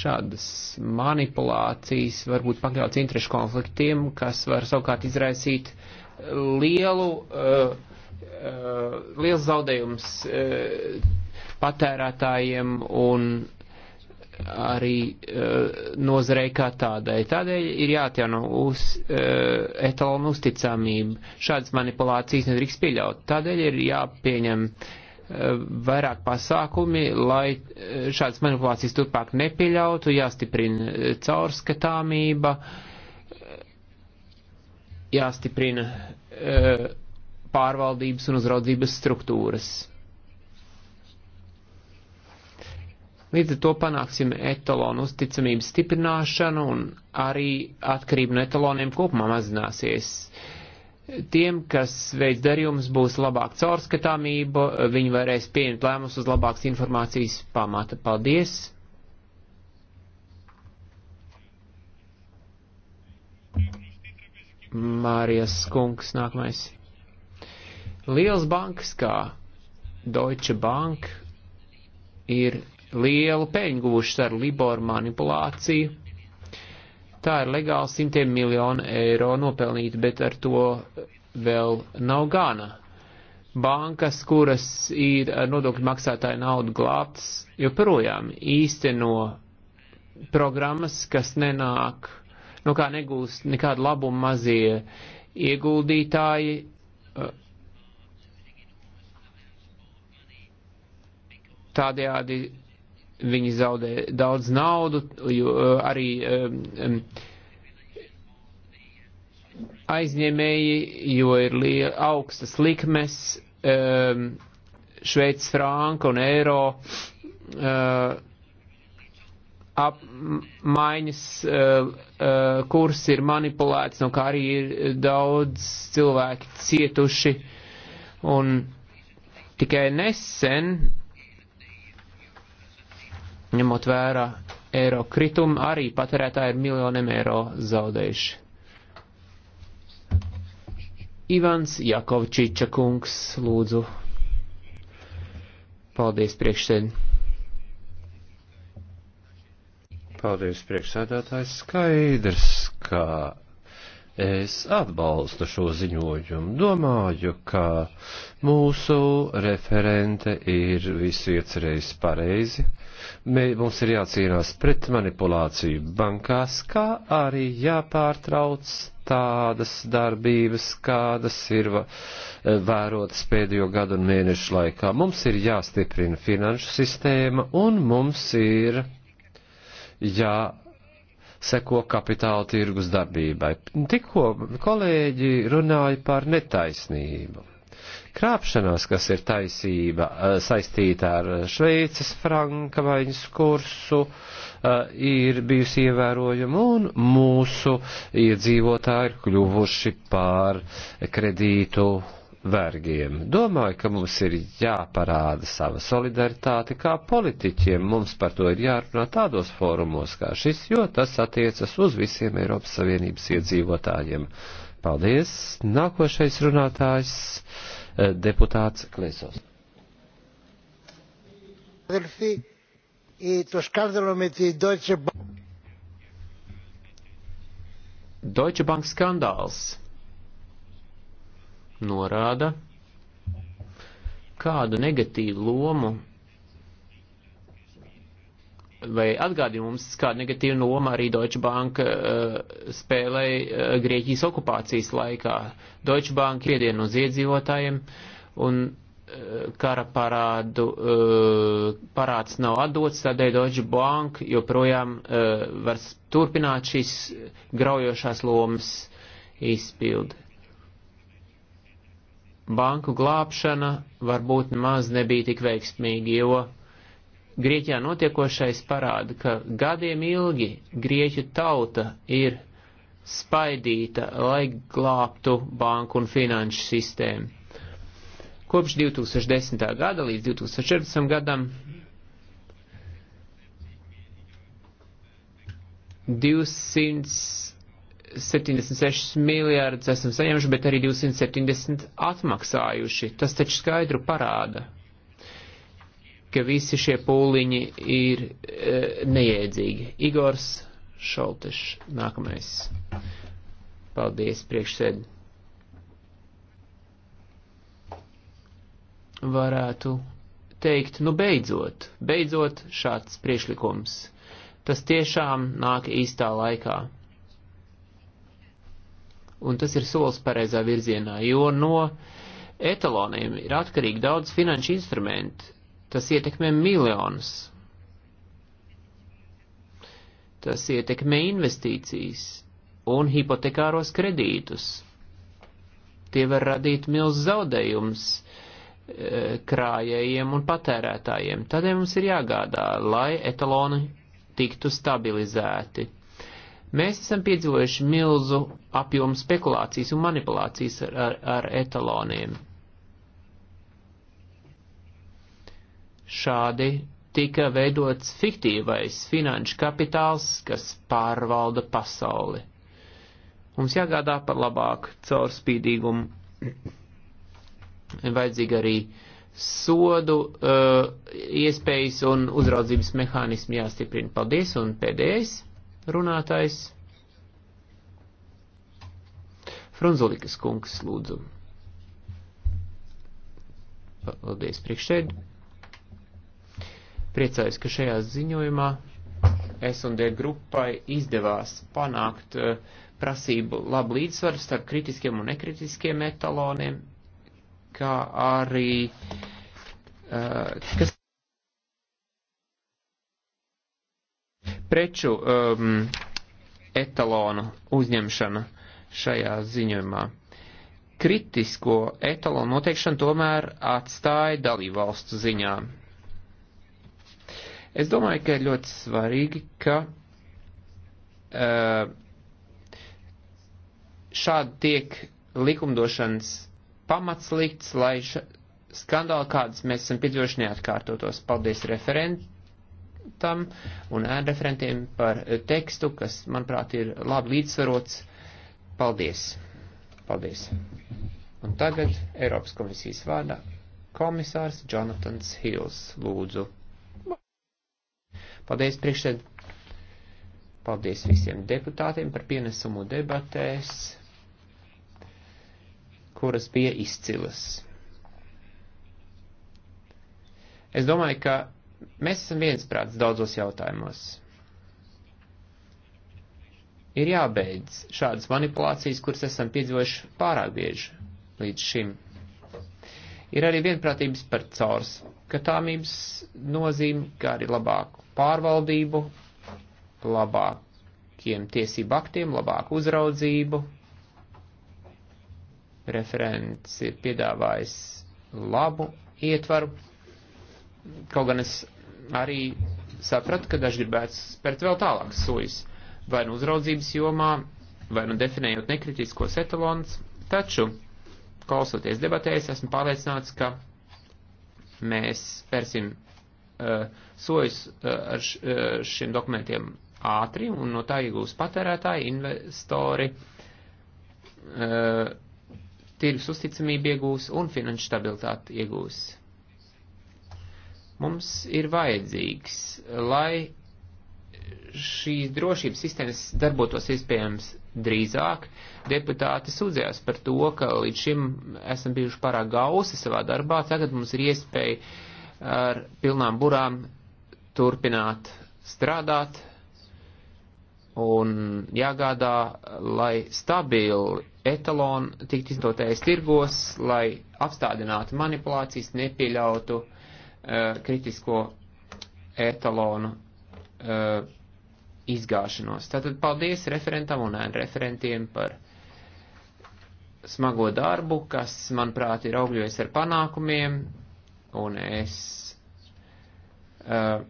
Speaker 1: Šādas manipulācijas var būt pakļauts interešu konfliktiem, kas var savukārt izraisīt lielu, uh, uh, liels zaudējums uh, patērētājiem un arī uh, nozarei kā tādai. Tādēļ ir jāatjauno uz uh, etalonu uzticamību. Šādas manipulācijas nedrīkst pieļaut. Tādēļ ir jāpieņem uh, vairāk pasākumi, lai šādas manipulācijas turpāk nepieļautu, jāstiprina caurskatāmība, jāstiprina pārvaldības un uzraudzības struktūras. Līdz ar to panāksim etalonu uzticamības stiprināšanu un arī atkarību no etaloniem kopumā mazināsies. Tiem, kas veids darījumus, būs labāk caurskatāmība, viņi varēs pieņemt lēmumus uz labākas informācijas pamata. Paldies! Mārijas skunks nākamais. Liels bankas kā Deutsche Bank ir lielu peļņu guvušas ar Libor manipulāciju. Tā ir legāli simtiem miljonu eiro nopelnīt, bet ar to vēl nav gana. Bankas, kuras ir ar nodokļu maksātāju naudu glābtas, joprojām īsteno programmas, kas nenāk, no kā negūst nekādu labumu mazie ieguldītāji, uh, tādējādi viņi zaudē daudz naudu, jo arī um, aizņēmēji, jo ir liel, augstas likmes, um, Šveic franka un eiro uh, apmaiņas uh, uh, kurs ir manipulēts, no kā arī ir daudz cilvēki cietuši. Un tikai nesen ņemot vērā eiro kritumu, arī patērētāji ir miljoniem eiro zaudējuši. Ivans Jakovčiča kungs, lūdzu.
Speaker 3: Paldies priekšsēd. Paldies priekšsēdētājs. Skaidrs, ka es atbalstu šo ziņojumu. Domāju, ka mūsu referente ir visu iecerējis pareizi Mē, mums ir jācīnās pret manipulāciju bankās, kā arī jāpārtrauc tādas darbības, kādas ir e, vērotas pēdējo gadu un mēnešu laikā. Mums ir jāstiprina finanšu sistēma un mums ir jā seko kapitāla tirgus darbībai. Tikko kolēģi runāja par netaisnību. Krāpšanās, kas ir taisība eh, saistīta ar Šveices franka vaiņas kursu, eh, ir bijusi ievērojama un mūsu iedzīvotāji ir kļuvuši pār kredītu vergiem. Domāju, ka mums ir jāparāda sava solidaritāte kā politiķiem. Mums par to ir jārunā tādos fórumos kā šis, jo tas attiecas uz visiem Eiropas Savienības iedzīvotājiem. Paldies. Nākošais runātājs eh, deputāts Klesos.
Speaker 1: Deutsche Bank skandāls norāda, kādu negatīvu lomu vai atgādīja mums, kāda negatīva loma arī Deutsche Bank uh, spēlēja uh, Grieķijas okupācijas laikā. Deutsche Bank iedien uz iedzīvotājiem un uh, kara parādu uh, parāds nav atdots, tādēļ Deutsche Bank joprojām uh, var turpināt šīs graujošās lomas izpildi. Banku glābšana varbūt maz nebija tik veiksmīga, jo Grieķijā notiekošais parāda, ka gadiem ilgi Grieķu tauta ir spaidīta, lai glābtu banku un finanšu sistēmu. Kopš 2010. gada līdz 2014. gadam 276 miljārdus esam saņēmuši, bet arī 270 atmaksājuši. Tas taču skaidru parāda, ka visi šie pūliņi ir e, neiedzīgi. Igors Šoltešs nākamais. Paldies, priekšsēd. Varētu teikt, nu beidzot, beidzot šāds priekšlikums. Tas tiešām nāk īstā laikā un tas ir solis pareizā virzienā, jo no etaloniem ir atkarīgi daudz finanšu instrumentu, Tas ietekmē miljonus. Tas ietekmē investīcijas un hipotekāros kredītus. Tie var radīt milz zaudējums e, krājējiem un patērētājiem. Tādēļ mums ir jāgādā, lai etaloni tiktu stabilizēti. Mēs esam piedzīvojuši milzu apjomu spekulācijas un manipulācijas ar, ar, ar etaloniem. Šādi tika veidots fiktīvais finanšu kapitāls, kas pārvalda pasauli. Mums jāgādā par labāku caurspīdīgumu. Vajadzīgi arī sodu uh, iespējas un uzraudzības mehānismi jāstiprina. Paldies, un pēdējais runātājs. Frunzulikas kungs, lūdzu. Paldies, priekšsēdētāji. Priecājos, ka šajā ziņojumā S&D grupai izdevās panākt uh, prasību labu līdzsvaru starp kritiskiem un nekritiskiem etaloniem, kā arī uh, kas preču um, etalonu uzņemšana šajā ziņojumā. Kritisko etalonu noteikšanu tomēr atstāja dalībvalstu ziņām Es domāju, ka ir ļoti svarīgi, ka uh, šādi tiek likumdošanas pamats likts, lai skandāli, kādas mēs esam piedzīvojuši, neatkārtotos. Paldies referentam un ēnreferentiem par eh, tekstu, kas, manuprāt, ir labi līdzsvarots. Paldies! Paldies! Un tagad Eiropas komisijas vārdā komisārs Jonatans Hills lūdzu. Paldies, priekšsēd. Paldies visiem deputātiem par pienesumu debatēs, kuras bija izcilas. Es domāju, ka mēs esam viensprāts daudzos jautājumos. Ir jābeidz šādas manipulācijas, kuras esam piedzīvojuši pārāk bieži līdz šim. Ir arī vienprātības par caurs, ka tāmības nozīme, kā arī labāku pārvaldību, labākiem tiesību aktiem, labāku uzraudzību. Referents ir piedāvājis labu ietvaru. Kaut gan es arī sapratu, ka daži gribētu spērt vēl tālākas sojas, vai nu uzraudzības jomā, vai nu definējot nekritiskos etalons, taču, klausoties debatēs, esmu pārliecināts, ka mēs spērsim Eh, sojas eh, ar eh, šiem dokumentiem ātri, un no tā iegūs patērētāji, investori, tirgus uzticamību iegūs un finanšu stabilitāti iegūs. Mums ir vajadzīgs, lai šīs drošības sistēmas darbotos iespējams drīzāk. Deputāti sūdzējās par to, ka līdz šim esam bijuši pārāk gausi savā darbā, tagad mums ir iespēja uh, ar pilnām burām turpināt strādāt un jāgādā, lai stabili etaloni tiktu izdotais tirgos, lai apstādinātu manipulācijas, nepieļautu uh, kritisko etalonu uh, izgāšanos. Tātad paldies referentam un referentiem par smago darbu, kas, manuprāt, ir augļojis ar panākumiem, Un es uh,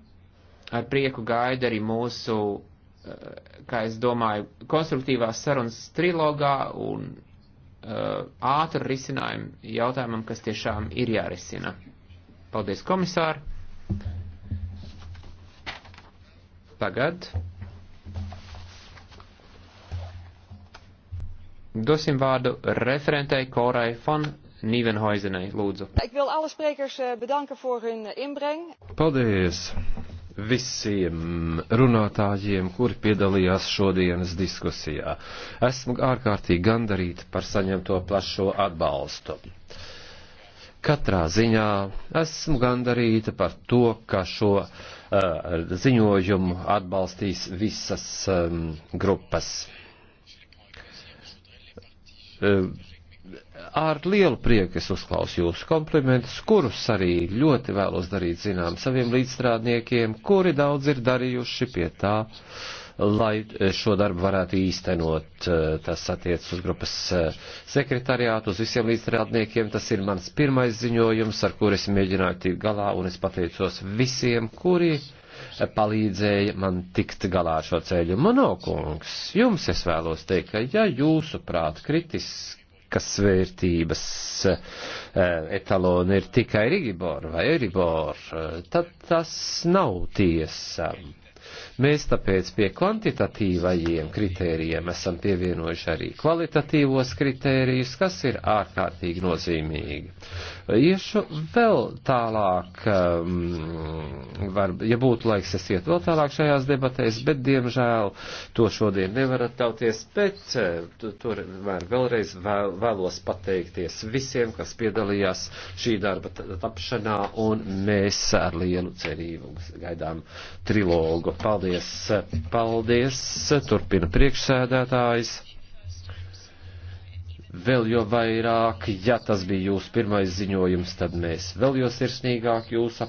Speaker 1: ar prieku gaidu arī mūsu, uh, kā es domāju, konstruktīvās sarunas trilogā un uh, ātru risinājumu jautājumam, kas tiešām ir jārisina. Paldies, komisāri! Tagad dosim vārdu referentei Korai Fon Nīvenhoizenai, lūdzu.
Speaker 2: Eh, eh,
Speaker 3: Paldies visiem runātājiem, kuri piedalījās šodienas diskusijā. Esmu ārkārtīgi gandarīta par saņemto plašo atbalstu. Katrā ziņā esmu gandarīta par to, ka šo uh, ziņojumu atbalstīs visas um, grupas. Uh, Ar lielu prieku es uzklausu jūsu komplimentus, kurus arī ļoti vēlos darīt zinām saviem līdzstrādniekiem, kuri daudz ir darījuši pie tā, lai e, šo darbu varētu īstenot. E, tas attiec uz grupas e, sekretariātu, uz visiem līdzstrādniekiem. Tas ir mans pirmais ziņojums, ar kur es mēģināju tikt galā, un es pateicos visiem, kuri palīdzēja man tikt galā ar šo ceļu. Monokungs, jums es vēlos teikt, ka ja jūsu prāt kritiski sekas vērtības eh, etaloni ir tikai Rigibor vai Eribor, eh, tad tas nav tiesa. Mēs tāpēc pie kvantitatīvajiem kritērijiem esam pievienojuši arī kvalitatīvos kritērijus, kas ir ārkārtīgi nozīmīgi. Iešu vēl tālāk, um, var, ja būtu laiks, es iet vēl tālāk šajās debatēs, bet diemžēl to šodien nevar attauties, bet eh, tur vēlreiz vēl, vēlos pateikties visiem, kas piedalījās šī darba tapšanā, un mēs ar lielu cerību gaidām trilogu. Paldies, paldies, turpina priekšsēdētājs vēl jo vairāk, ja tas bija jūsu pirmais ziņojums, tad mēs vēl jo sirsnīgāk jūs apsveicam.